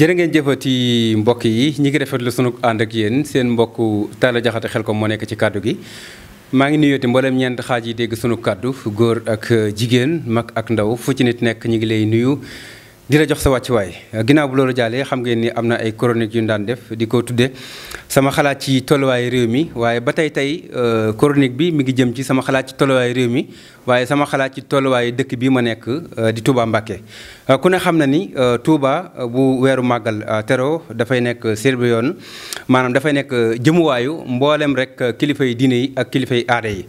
jërë ngeen jëfati mbokk yi ñu ngi rafetlu sunu ànd ak yéen seen mbokk Talla Diakhaté xel ko moo nekk ci kàddu gi maa ngi nuyooti mboolem ñeent xaaj yi dégg sunu kàddu góor ak jigéen mag ak ndaw fu ci nit nekk ñi ngi lay nuyu di la jox sa wàccuwaay ginnaaw bu loolu jàllee xam ngeen ni am na ay chronique yu ñu daan def di ko tuddee sama xalaat ci tolluwaayu réew mi waaye ba tey tey euh, chronique bi mi ngi jëm ci sama xalaat ci tolluwaayu réew mi waaye sama xalaat ci tolluwaayu dëkk bi ma nekk euh, di Touba Mbacké. Euh, ku ne xam na ni tuuba bu weeru màggal tero dafay nekk serbe yoon maanaam dafay nekk jëmuwaayu mboolem rek kilifa yi diine yi ak kilifa yi aada yi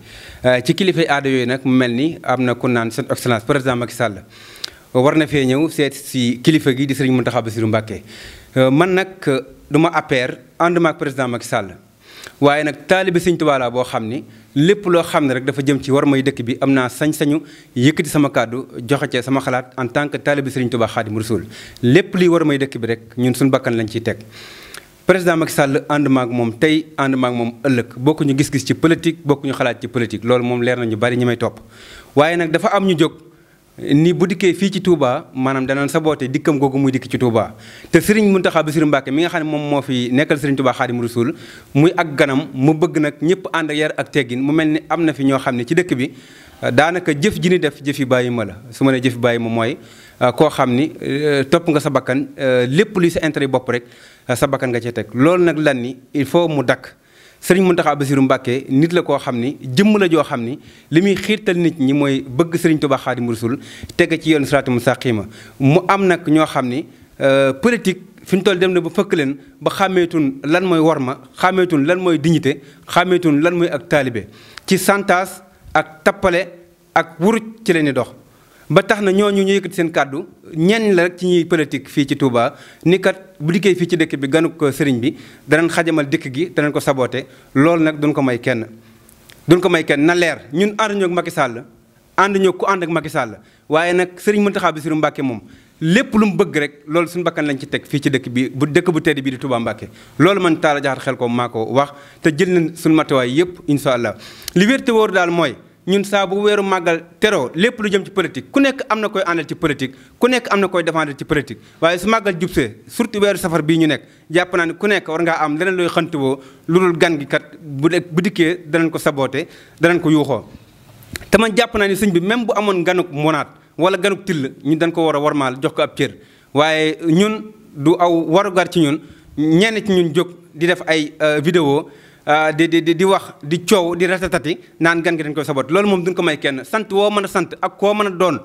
ci kilifa yi aada yooyu nag mu mel ni am na ku naan seen excellence président Macky Sall. war na fee ñëw seet si kilifa gi di sëriñ Mountakha Bassirou Mbacké euh, man nag euh, du ma APR ànduma président Macky sàll waaye nag taalibe bi Tuubaa laa boo xam ni lépp loo xam ne rek dafa jëm ci war may dëkk bi am naa sañ-sañu yëkkati sama kàddu joxe ci sama xalaat en tant que bi sëriñ Tuubaa Xaadimu Rasuul lépp liy war may dëkk bi rek ñun suñu bakkan lañu ci teg. président Macky Sall ànduma ak moom tey ànduma ak moom ëllëg bokkuñu gis-gis ci politique bokkuñu xalaat ci politique loolu moom leer na ñu bari ñi may topp waaye nag dafa am ñu jóg. ni bu dikkee fii ci Touba maanaam danoon saboote dikkam googu muy dikk ci Touba te Serigne Mountakha Bassirou Mbacké mi nga xam ne moom moo fi nekkal Serigne Touba Khadim Rasoul muy ak ganam mu bëgg nag ñëpp ànd ak yar ak teggin mu mel ni am na fi ñoo xam ne ci dëkk bi euh, daanaka jëf ji ni def jëfi bàyyi ma la su ma nee jëfi bàyyi ma mooy euh, koo xam ni euh, topp nga sa bakkan lépp luy sa intérêt bopp rek sa bakkan nga ci teg loolu nag lan ni il faut mu dakk sëriñ Muntaxa Basiru Mbàkke nit la koo xam ni jëmm la joo xam ni li muy xiirtal nit ñi mooy bëgg sëriñ Tuubaa Xaadimu Rasuul tege ci yoon siraatu mustaqiima mu am nag ñoo xam ni euh, politique fi ñu toll dem na ba fëkk leen ba xàmmeetun lan mooy war worma xàmmeetun lan mooy dignité xàmmeetun lan mooy ak taalibe ci santaas ak tappale ak wuruj ci leen di dox ba tax na ñooñu ñu yëkkati seen kàddu ñenn la rek ci ñuy politique fii ci Touba ni kat bu dikkee fii ci dëkk bi ganu ko sëriñ bi danañ xajamal dëkk gi danañ ko saboote loolu nag duñ ko may kenn. duñ ko may kenn na leer ñun ànduñoo ak Macky Sall ànduñoo ku ànd ak Macky Sall waaye nag sëriñ Mountakha Bassirou Mbacké moom lépp lu mu bëgg rek loolu suñu bakkan lañ ci teg fii ci dëkk bi bu dëkk bu tedd bii di Touba Mbacké loolu man Talla Diakhate xel ko maa ko wax te jël nañ suñu matuwaay yëpp incha allah li wér daal mooy ñun saabu weeru màggal teroo lépp lu jëm ci politique ku nekk am na koy àndal ci politique ku nekk am na koy défendre ci politique waaye su màggal jubsee surtout weeru safar bii ñu nekk jàpp naa ne ku nekk war ngaa am leneen looy woo lu dul gan gi kat bu bu dikkee danañ ko saboote danañ ko yuuxoo te jàpp naa ne sëñ bi même bu amoon ganuk monaat wala ganuk till ñu dañ ko war a war warmaal jox ko ab cër waaye ñun du aw warugar ci ñun ñenn ci ñun jóg di def ay euh, vidéo Euh, di di di wax di coow di ratatati naan gan gi dañ koy sabot loolu moom nga ko may kenn sant woo mën a sant ak koo mën a doon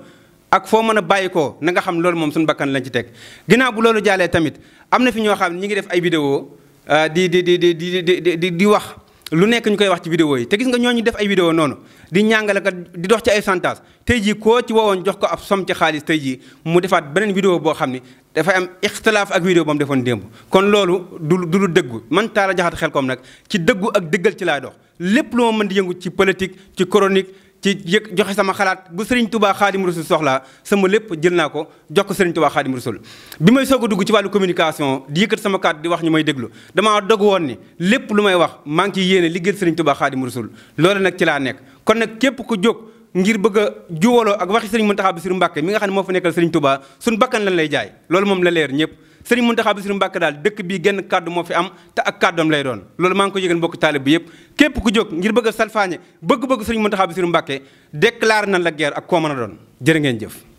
ak foo mën a bàyyi ko nanga xam loolu moom suñ bakkan lañ ci teg ginnaaw bu loolu jaalee tamit am na fi ñoo xam ne ñi ngi def ay vidéo euh, di di di di di di di wax lu nekk ñu koy wax ci vidéo yi te gis nga ñooñu def ay vidéo noonu di ñàngale ko di dox ci ay chantage tey ji koo ci woowoon jox ko ab som ci xaalis tey jii mu defaat beneen vidéo boo xam ni dafay am ixtilaaf ak vidéo ba mu defoon démb kon loolu du du lu dëggu man Talla xel koom nag ci dëggu ak dëggal ci laay dox lépp lu ma mën di yëngu ci politique ci chronique ci yëg joxe sama xalaat bu Serigne Touba Khadim Rasoul soxla sama lépp jël naa ko jox ko Serigne Touba Khadim Rasoul bi may soog a dugg ci wàllu communication di yëkkat sama kàddu di wax ñu may déglu damaa dog woon ni lépp lu may wax maa ngi ciy yéene liggéeyal Serigne Touba Khadim Rasoul loolu nag ci laa nekk kon nag képp ku jóg ngir bëgg a juwaloo ak waxi Serigne Mountakha Bassirou Mbacké mi nga xam ne moo fa nekkal Serigne Touba suñu bakkan lañ lay jaay loolu moom la leer ñëpp sëriñ Muntaxa Basiru Mbàkke daal dëkk bii genn kàddu moo fi am te ak kàddoom lay doon loolu maa ngi ko yëgal mbokk taalib bi yëpp képp ku jóg ngir bëgg a salfaañe bëgg-bëgg sëriñ Muntaxa Basiru Mbàkke déclaré na la guerre ak koo mën a doon jërë ngeen jëf